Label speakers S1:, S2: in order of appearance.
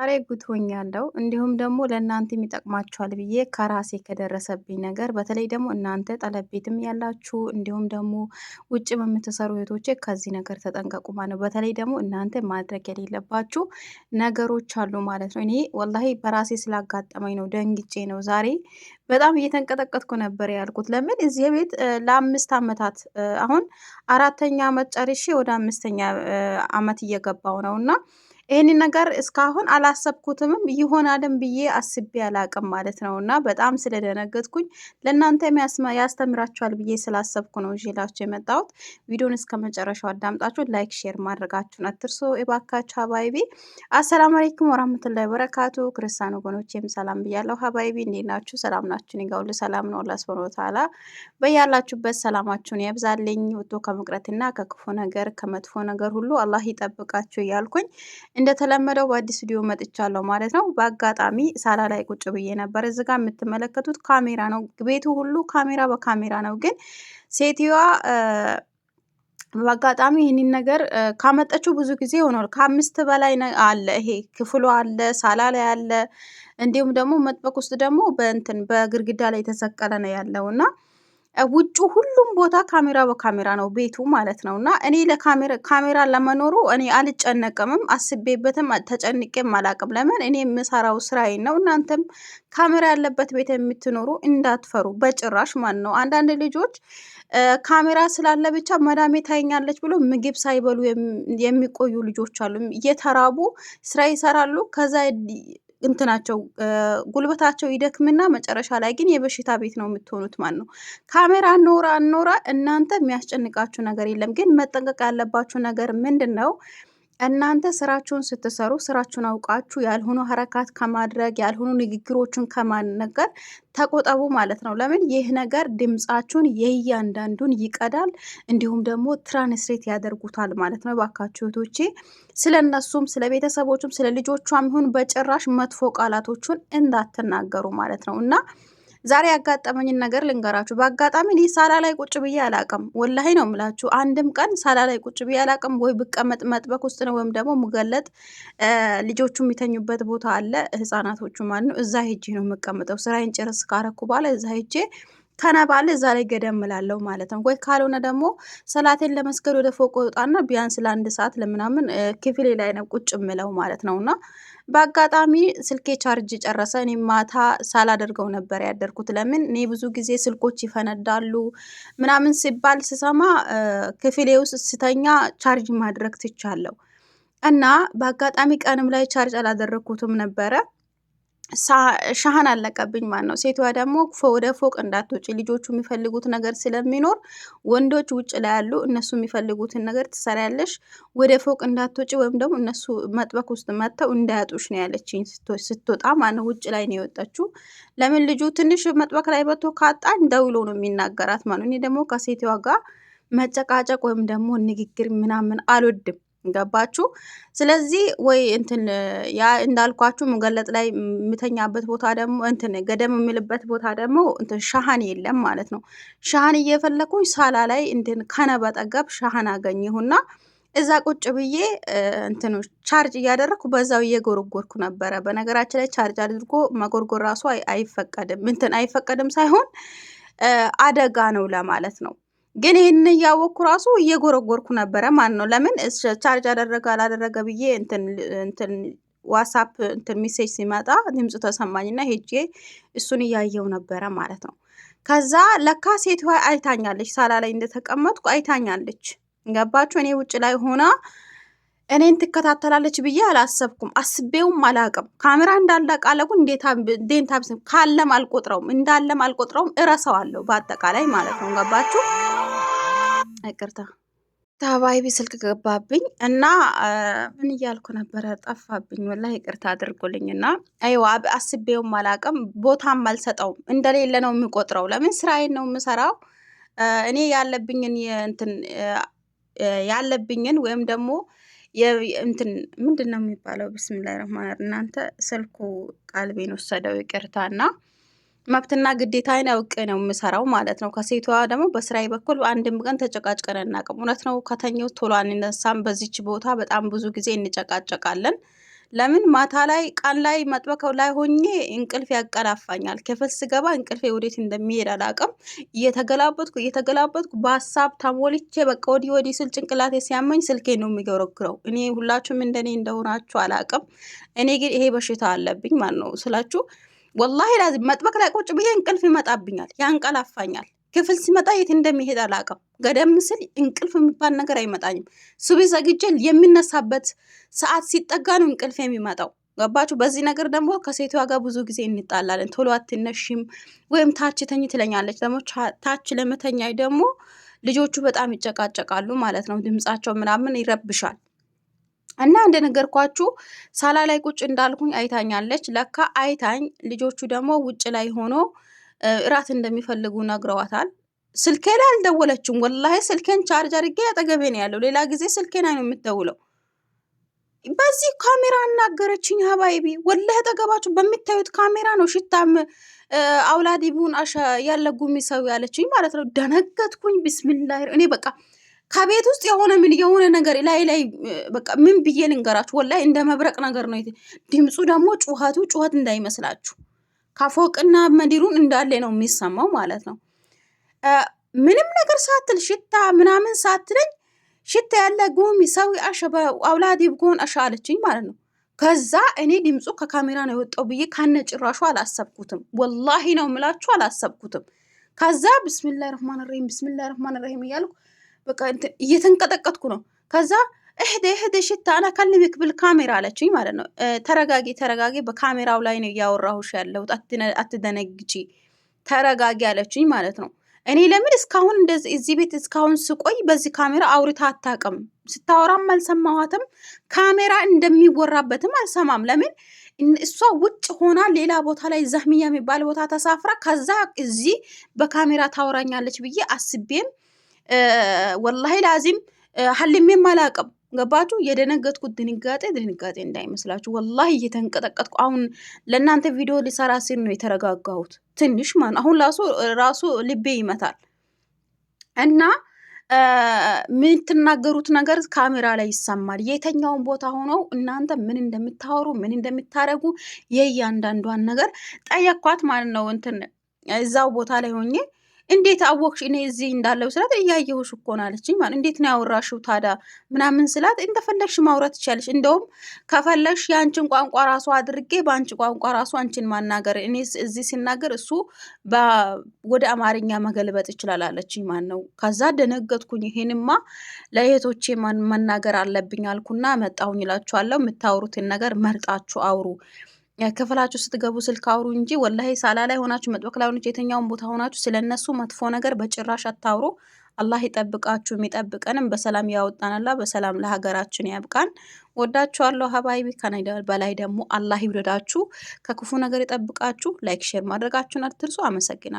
S1: ዛሬ ጉድ ሆኛለሁ። እንዲሁም ደግሞ ለእናንተም ይጠቅማችኋል ብዬ ከራሴ ከደረሰብኝ ነገር በተለይ ደግሞ እናንተ ጠለብ ቤትም ያላችሁ እንዲሁም ደግሞ ውጭም የምትሰሩ እህቶቼ ከዚህ ነገር ተጠንቀቁ ማለት ነው። በተለይ ደግሞ እናንተ ማድረግ የሌለባችሁ ነገሮች አሉ ማለት ነው። እኔ ወላሂ በራሴ ስላጋጠመኝ ነው ደንግጬ ነው ዛሬ በጣም እየተንቀጠቀጥኩ ነበር ያልኩት። ለምን እዚህ ቤት ለአምስት ዓመታት አሁን አራተኛ ዓመት ጨርሼ ወደ አምስተኛ ዓመት እየገባው ነው እና ይህን ነገር እስካሁን አላሰብኩትምም ይሆናልም ብዬ አስቤ አላቅም ማለት ነው። እና በጣም ስለደነገጥኩኝ ለእናንተ ያስተምራችኋል ብዬ ስላሰብኩ ነው ይዤላችሁ የመጣሁት። ቪዲዮን እስከ መጨረሻው አዳምጣችሁ ላይክ፣ ሼር ማድረጋችሁን አትርሱ የባካችሁ ሀባይቢ። አሰላሙ አለይኩም ወራህመቱላሂ ወበረካቱ። ክርስቲያን ወገኖቼም ሰላም ብያለሁ። ሀባይቢ እንዴት ናችሁ? ሰላም ናችሁን? ይጋውል ሰላም ነው። አላህ ሱብሃነሁ ወተዓላ በያላችሁበት ሰላማችሁን ያብዛልኝ። ወጥቶ ከመቅረትና ከክፉ ነገር ከመጥፎ ነገር ሁሉ አላህ ይጠብቃችሁ እያልኩኝ እንደተለመደው በአዲስ ቪዲዮ መጥቻለሁ ማለት ነው። በአጋጣሚ ሳላ ላይ ቁጭ ብዬ ነበር። እዚ ጋር የምትመለከቱት ካሜራ ነው። ቤቱ ሁሉ ካሜራ በካሜራ ነው። ግን ሴትዮዋ በአጋጣሚ ይህንን ነገር ካመጠችው ብዙ ጊዜ ሆኗል። ከአምስት በላይ አለ። ይሄ ክፍሉ አለ፣ ሳላ ላይ አለ፣ እንዲሁም ደግሞ መጥበቅ ውስጥ ደግሞ በእንትን በግድግዳ ላይ የተሰቀለ ነው ያለው እና ውጩ ሁሉም ቦታ ካሜራ በካሜራ ነው ቤቱ ማለት ነው። እና እኔ ለካሜራ ለመኖሩ እኔ አልጨነቅምም፣ አስቤበትም ተጨንቄም አላቅም። ለምን እኔ የምሰራው ስራዬን ነው። እናንተም ካሜራ ያለበት ቤት የምትኖሩ እንዳትፈሩ በጭራሽ ማን ነው። አንዳንድ ልጆች ካሜራ ስላለ ብቻ መዳሜ ታይኛለች ብሎ ምግብ ሳይበሉ የሚቆዩ ልጆች አሉ። እየተራቡ ስራ ይሰራሉ ከዛ እንትናቸው ጉልበታቸው ይደክምና መጨረሻ ላይ ግን የበሽታ ቤት ነው የምትሆኑት ማለት ነው። ካሜራ ኖራ ኖራ እናንተ የሚያስጨንቃችሁ ነገር የለም። ግን መጠንቀቅ ያለባችሁ ነገር ምንድን ነው? እናንተ ስራችሁን ስትሰሩ ስራችሁን አውቃችሁ ያልሆኑ ሀረካት ከማድረግ ያልሆኑ ንግግሮችን ከማነገር ተቆጠቡ ማለት ነው። ለምን ይህ ነገር ድምፃችሁን የእያንዳንዱን ይቀዳል፣ እንዲሁም ደግሞ ትራንስሌት ያደርጉታል ማለት ነው። ባካችሁ እህቶቼ ስለ እነሱም ስለ ቤተሰቦቹም ስለ ልጆቿም ይሁን በጭራሽ መጥፎ ቃላቶቹን እንዳትናገሩ ማለት ነው እና ዛሬ ያጋጠመኝን ነገር ልንገራችሁ። በአጋጣሚ እኔ ሳላ ላይ ቁጭ ብዬ አላቅም፣ ወላሂ ነው የምላችሁ። አንድም ቀን ሳላ ላይ ቁጭ ብዬ አላቅም። ወይ ብቀመጥ መጥበቅ ውስጥ ነው ወይም ደግሞ ሙገለጥ ልጆቹ የሚተኙበት ቦታ አለ፣ ህጻናቶቹ ማለት ነው። እዛ ሄጄ ነው የምቀመጠው። ስራዬን ጨርስ ካረኩ በኋላ እዛ ሄጄ ከነባለ እዛ ላይ ገደም እላለሁ ማለት ነው። ወይ ካልሆነ ደግሞ ሰላቴን ለመስገድ ወደ ፎቅ ወጣና ቢያንስ ለአንድ ሰዓት ለምናምን ክፍሌ ላይ ነው ቁጭ ምለው ማለት ነው። እና በአጋጣሚ ስልኬ ቻርጅ ጨረሰ። እኔ ማታ ሳላደርገው ነበር ያደርኩት። ለምን እኔ ብዙ ጊዜ ስልኮች ይፈነዳሉ ምናምን ሲባል ስሰማ ክፍሌ ውስጥ ስተኛ ቻርጅ ማድረግ ትቻለሁ። እና በአጋጣሚ ቀንም ላይ ቻርጅ አላደረግኩትም ነበረ ሻህን አለቀብኝ ማለት ነው። ሴቷ ደግሞ ወደ ፎቅ እንዳትወጪ ልጆቹ የሚፈልጉት ነገር ስለሚኖር ወንዶች ውጭ ላይ ያሉ እነሱ የሚፈልጉትን ነገር ትሰሪያለሽ፣ ወደ ፎቅ እንዳትወጪ ወይም ደግሞ እነሱ መጥበቅ ውስጥ መጥተው እንዳያጡሽ ነው ያለችኝ። ስትወጣ ማለት ነው። ውጭ ላይ ነው የወጣችው። ለምን ልጁ ትንሽ መጥበቅ ላይ በቶ ካጣኝ ደውሎ ነው የሚናገራት ማለት ነው። እኔ ደግሞ ከሴቷ ጋር መጨቃጨቅ ወይም ደግሞ ንግግር ምናምን አልወድም። ገባችሁ? ስለዚህ ወይ እንትን ያ እንዳልኳችሁ መገለጥ ላይ የምተኛበት ቦታ ደግሞ እንትን ገደም የሚልበት ቦታ ደግሞ እንትን ሻሃን የለም ማለት ነው። ሻሃን እየፈለኩኝ ሳላ ላይ እንትን ከነበጠገብ ሻሃን አገኘሁና እዛ ቁጭ ብዬ እንትን ቻርጅ እያደረግኩ በዛው እየጎረጎርኩ ነበረ። በነገራችን ላይ ቻርጅ አድርጎ መጎርጎር ራሱ አይፈቀድም። እንትን አይፈቀድም ሳይሆን አደጋ ነው ለማለት ነው። ግን ይህንን እያወቅኩ ራሱ እየጎረጎርኩ ነበረ ማለት ነው። ለምን ቻርጅ አደረገ አላደረገ ብዬ እንትን ዋትሳፕ እንትን ሜሴጅ ሲመጣ ድምፁ ተሰማኝና ሄጄ እሱን እያየው ነበረ ማለት ነው። ከዛ ለካ ሴት አይታኛለች፣ ሳላ ላይ እንደተቀመጥኩ አይታኛለች። ገባችሁ? እኔ ውጭ ላይ ሆና እኔን ትከታተላለች ብዬ አላሰብኩም፣ አስቤውም አላቅም። ካሜራ እንዳለ ቃለጉ እንዴታ ካለም አልቆጥረውም፣ እንዳለም አልቆጥረውም፣ እረሰዋለሁ በአጠቃላይ ማለት ነው። ገባችሁ? ይቅርታ ታባይቢ ስልክ ገባብኝ እና ምን እያልኩ ነበረ ጠፋብኝ። ወላ ይቅርታ አድርጉልኝ። እና አይዋ አስቤውም አላቅም ቦታም አልሰጠውም እንደሌለ ነው የምቆጥረው። ለምን ስራዬን ነው የምሰራው። እኔ ያለብኝን እንትን ያለብኝን ወይም ደግሞ እንትን ምንድን ነው የሚባለው? ብስሚላ ረህማን እናንተ ስልኩ ቃልቤን ወሰደው ይቅርታ እና መብትና ግዴታ አይን አውቄ ነው የምሰራው ማለት ነው። ከሴቷ ደግሞ በስራዬ በኩል አንድም ቀን ተጨቃጭቀን አናውቅም። እውነት ነው። ከተኛው ቶሎ አንነሳም። በዚች ቦታ በጣም ብዙ ጊዜ እንጨቃጨቃለን። ለምን ማታ ላይ ቀን ላይ መጥበቀው ላይ ሆኜ እንቅልፍ ያቀላፋኛል። ክፍል ስገባ እንቅልፌ ወዴት እንደሚሄድ አላውቅም። እየተገላበጥኩ እየተገላበጥኩ በሀሳብ ተሞልቼ በቃ ወዲህ ወዲህ ስል ጭንቅላቴ ሲያመኝ ስልኬ ነው የሚገረግረው። እኔ ሁላችሁም እንደኔ እንደሆናችሁ አላውቅም። እኔ ግን ይሄ በሽታ አለብኝ ማለት ነው ስላችሁ ወላሂ ላዚም መጥበቅ ላይ ቁጭ ብዬ እንቅልፍ ይመጣብኛል፣ ያንቀላፋኛል። ክፍል ሲመጣ የት እንደሚሄድ አላውቅም። ገደም ስል እንቅልፍ የሚባል ነገር አይመጣኝም። ሱቢ ዘግቼ የሚነሳበት ሰዓት ሲጠጋ ነው እንቅልፍ የሚመጣው። ገባችሁ? በዚህ ነገር ደግሞ ከሴቷ ጋር ብዙ ጊዜ እንጣላለን። ቶሎ አትነሽም ወይም ታች ተኝ ትለኛለች። ደግሞ ታች ለመተኛ ደግሞ ልጆቹ በጣም ይጨቃጨቃሉ ማለት ነው። ድምጻቸው ምናምን ይረብሻል። እና እንደነገርኳችሁ ሳላ ላይ ቁጭ እንዳልኩኝ አይታኛለች። ለካ አይታኝ ልጆቹ ደግሞ ውጭ ላይ ሆኖ እራት እንደሚፈልጉ ነግረዋታል። ስልኬ ላይ አልደወለችም። ወላሂ ስልኬን ቻርጅ አድርጌ አጠገቤ ነው ያለው። ሌላ ጊዜ ስልኬን ነው የምትደውለው። በዚህ ካሜራ አናገረችኝ። ሀባይቢ ወላሂ አጠገባችሁ በሚታዩት ካሜራ ነው ሽታም አውላዲቡን አሻ ያለጉ የሚሰው ያለችኝ ማለት ነው። ደነገጥኩኝ። ቢስሚላህ እኔ በቃ ከቤት ውስጥ የሆነ ምን የሆነ ነገር ላይ ላይ በቃ ምን ብዬ ልንገራችሁ? ወላይ እንደ መብረቅ ነገር ነው። ድምፁ ደግሞ ጩኸቱ ጩኸት እንዳይመስላችሁ ከፎቅና መዲሩን እንዳለ ነው የሚሰማው ማለት ነው። ምንም ነገር ሳትል ሽታ ምናምን ሳትለኝ ሽታ ያለ ጎሚ ሰው አሸበ አውላድ ብጎን አሻለችኝ ማለት ነው። ከዛ እኔ ድምፁ ከካሜራ ነው የወጣው ብዬ ካነ ጭራሹ አላሰብኩትም። ወላሂ ነው ምላችሁ አላሰብኩትም። ከዛ ብስሚላ ረህማን ረሂም ብስሚላ ረህማን ረሂም እያልኩ በቃ እየተንቀጠቀጥኩ ነው። ከዛ እህደ እህደ ሽታ አና ከልሚክ ብል ካሜራ አለችኝ ማለት ነው። ተረጋጊ ተረጋጊ፣ በካሜራው ላይ ነው እያወራሁሽ ያለሁት፣ አትደነግጪ፣ ተረጋጊ አለችኝ ማለት ነው። እኔ ለምን እስካሁን እንደዚህ እዚህ ቤት እስካሁን ስቆይ በዚህ ካሜራ አውርታ አታውቅም። ስታወራም አልሰማኋትም። ካሜራ እንደሚወራበትም አልሰማም። ለምን እሷ ውጭ ሆና ሌላ ቦታ ላይ ዛህሚያ የሚባል ቦታ ተሳፍራ ከዛ እዚህ በካሜራ ታወራኛለች ብዬ አስቤም ወላሂ ላዚም ሀልሜም አላቅም። ገባችሁ? የደነገጥኩት ድንጋጤ ድንጋጤ እንዳይመስላችሁ። ወላሂ እየተንቀጠቀጥኩ አሁን ለእናንተ ቪዲዮ ሊሰራ ሲል ነው የተረጋጋሁት። ትንሽ ማን አሁን ራሱ ራሱ ልቤ ይመታል እና የምትናገሩት ነገር ካሜራ ላይ ይሰማል። የተኛውን ቦታ ሆነው እናንተ ምን እንደምታወሩ ምን እንደምታረጉ የእያንዳንዷን ነገር ጠየኳት ማለት ነው። እንትን እዛው ቦታ ላይ ሆኜ እንዴት አወቅሽ እኔ እዚህ እንዳለው ስላት እያየሁሽ እኮ ነው አለችኝ። ማለት እንዴት ነው ያወራሽው ታዲያ ምናምን ስላት እንደፈለግሽ ማውራት ትችያለሽ፣ እንደውም ከፈለግሽ የአንችን ቋንቋ ራሱ አድርጌ በአንቺ ቋንቋ ራሱ አንቺን ማናገር እኔ እዚህ ሲናገር እሱ ወደ አማርኛ መገልበጥ ይችላል አለችኝ። ማን ነው ከዛ ደነገጥኩኝ። ይሄንማ ለእህቶቼ መናገር አለብኝ አልኩና መጣሁኝ ይላችኋለሁ የምታወሩትን ነገር መርጣችሁ አውሩ። ክፍላችሁ ስትገቡ ስልክ አውሩ እንጂ ወላሂ ሳላ ላይ ሆናችሁ መጥበቅ ላይ ሆናችሁ የተኛውን ቦታ ሆናችሁ ስለነሱ መጥፎ ነገር በጭራሽ አታውሩ። አላህ ይጠብቃችሁ፣ የሚጠብቀንም በሰላም ያወጣንላ፣ በሰላም ለሀገራችን ያብቃን። ወዳችኋለሁ ሀባይቢ ከናይዳ በላይ ደግሞ አላህ ይውደዳችሁ፣ ከክፉ ነገር ይጠብቃችሁ። ላይክ ሼር ማድረጋችሁን አትርሱ። አመሰግናለሁ።